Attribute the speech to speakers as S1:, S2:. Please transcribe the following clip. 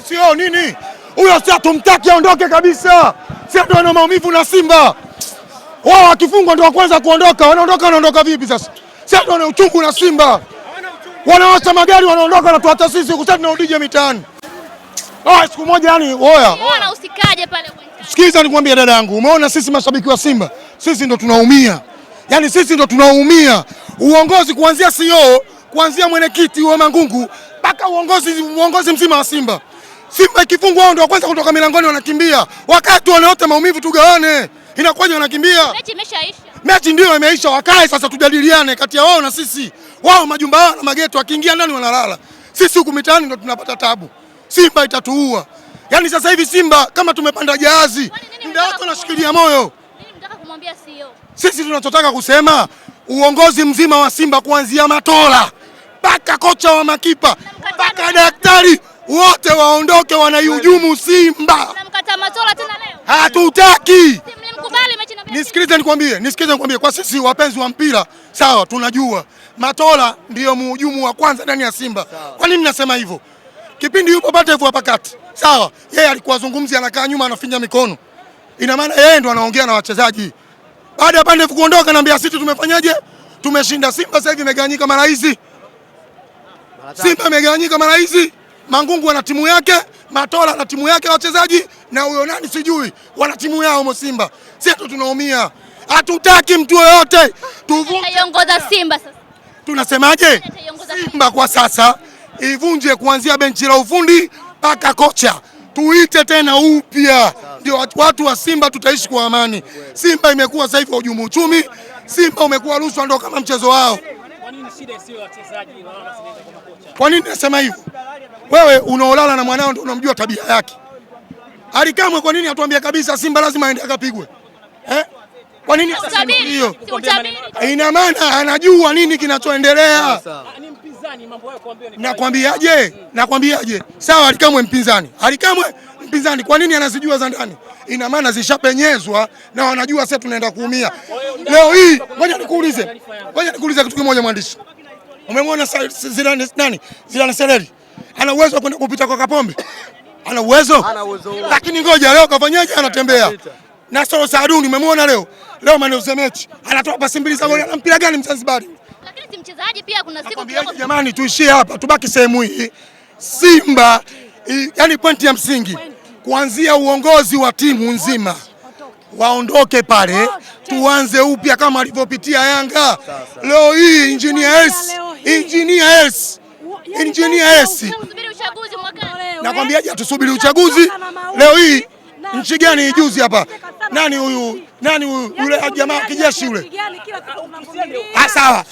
S1: MCO nini huyo? sio tumtaki aondoke kabisa, Sio ndio? Ana maumivu na Simba, wao wakifungwa ndio wa kwanza kuondoka. Wanaondoka, wanaondoka vipi sasa? Sio ndio? Ana uchungu na Simba, wanawacha magari, wanaondoka, na wanatuacha sisi kusema sasa tunaudije mitaani. Ah, siku moja yani, oya
S2: usikaje pale uwanjani?
S1: Sikiza nikwambie dada yangu, umeona sisi mashabiki wa Simba sisi ndo tunaumia, yaani sisi ndo tunaumia. Uongozi kuanzia CEO kuanzia mwenyekiti wa Mangungu mpaka uongozi, uongozi mzima wa Simba Simba ikifungwa wao ndio kwanza kutoka milangoni wanakimbia. Wakati wote maumivu tugawane. Inakuwaje wanakimbia?
S2: Mechi imeshaisha.
S1: Mechi ndio imeisha, wakae sasa tujadiliane kati ya wao na sisi. Wao majumba yao na mageto wakiingia ndani wanalala. Sisi huku mitaani ndio tunapata tabu. Simba itatuua. Yaani sasa hivi Simba kama tumepanda jahazi, Ndio wote unashikilia moyo.
S2: Mimi nataka kumwambia CEO.
S1: Sisi tunachotaka kusema uongozi mzima wa Simba kuanzia Matola mpaka kocha wa makipa mpaka daktari wote waondoke, wanaihujumu Simba, hatutaki. Nisikilize nikwambie, nisikilize nikwambie, kwa sisi wapenzi wa mpira sawa, tunajua Matola ndiyo muhujumu wa kwanza ndani ya Simba. Kwa nini nasema hivyo? Kipindi yupo pata hivyo hapa kati, sawa, yeye alikuwa zungumzi, anakaa nyuma, anafinya mikono, ina maana yeye ndo anaongea na wachezaji. Baada ya pande kuondoka, naambia sisi tumefanyaje? Tumeshinda. Simba sasa hivi imegawanyika mara hizi, Simba imegawanyika mara hizi Mangungu ana timu yake, Matola ana timu yake wachezaji, na huyo nani sijui wana timu yao. Mo Simba sisi tu tunaumia, hatutaki mtu yoyote
S2: tuongoza Simba. Sasa
S1: tunasemaje? Simba kwa sasa ivunje kuanzia benchi la ufundi mpaka kocha, tuite tena upya, ndio watu wa Simba tutaishi kwa amani. Simba imekuwa sasa hivi wa ujumu uchumi, Simba umekuwa rushwa, ndio kama mchezo wao. Kwa nini nasema hivyo? Wewe unaolala na mwanao ndio unamjua tabia yake. Ali Kamwe kwa nini atuambia kabisa Simba lazima aende akapigwe? Eh? Kwa nini hiyo? Ina maana anajua nini kinachoendelea. Ah, Nakwambiaje? Nakwambiaje? Sawa, Ali Kamwe mpinzani. Ali Kamwe mpinzani. Kwa nini anazijua za ndani? Ina maana zishapenyezwa na wanajua sasa tunaenda kuumia. Leo hii ngoja nikuulize, ngoja nikuulize kitu kimoja mwandishi, umemwona Zidane nani? Zidane Seleri ana uwezo wa kwenda kupita kwa Kapombe? Ana uwezo lakini ngoja leo kafanyaje? Anatembea na Soro Saduni, umemwona leo leo maneno mechi, anatoa pasi mbili za goli, ana mpira gani Mzanzibari?
S2: mchezaji pia, kuna siku
S1: jamani, tuishie hapa, tubaki sehemu hii Simba, yani pointi ya msingi kuanzia uongozi wa timu nzima waondoke pale, tuanze upya kama alivyopitia Yanga. Leo hii Engineer S, Engineer S, Engineer S, nakwambiaje? Tusubiri uchaguzi leo hii nchi gani? Juzi hapa nani huyu nani huyu yule jamaa kijeshi yule, ah, sawa.